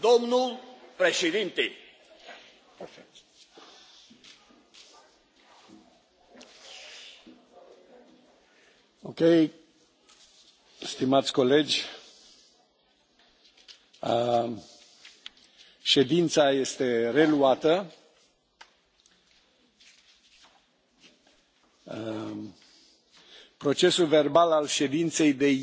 Domnul președinte. Ok, stimați colegi, ședința este reluată. Procesul verbal al ședinței de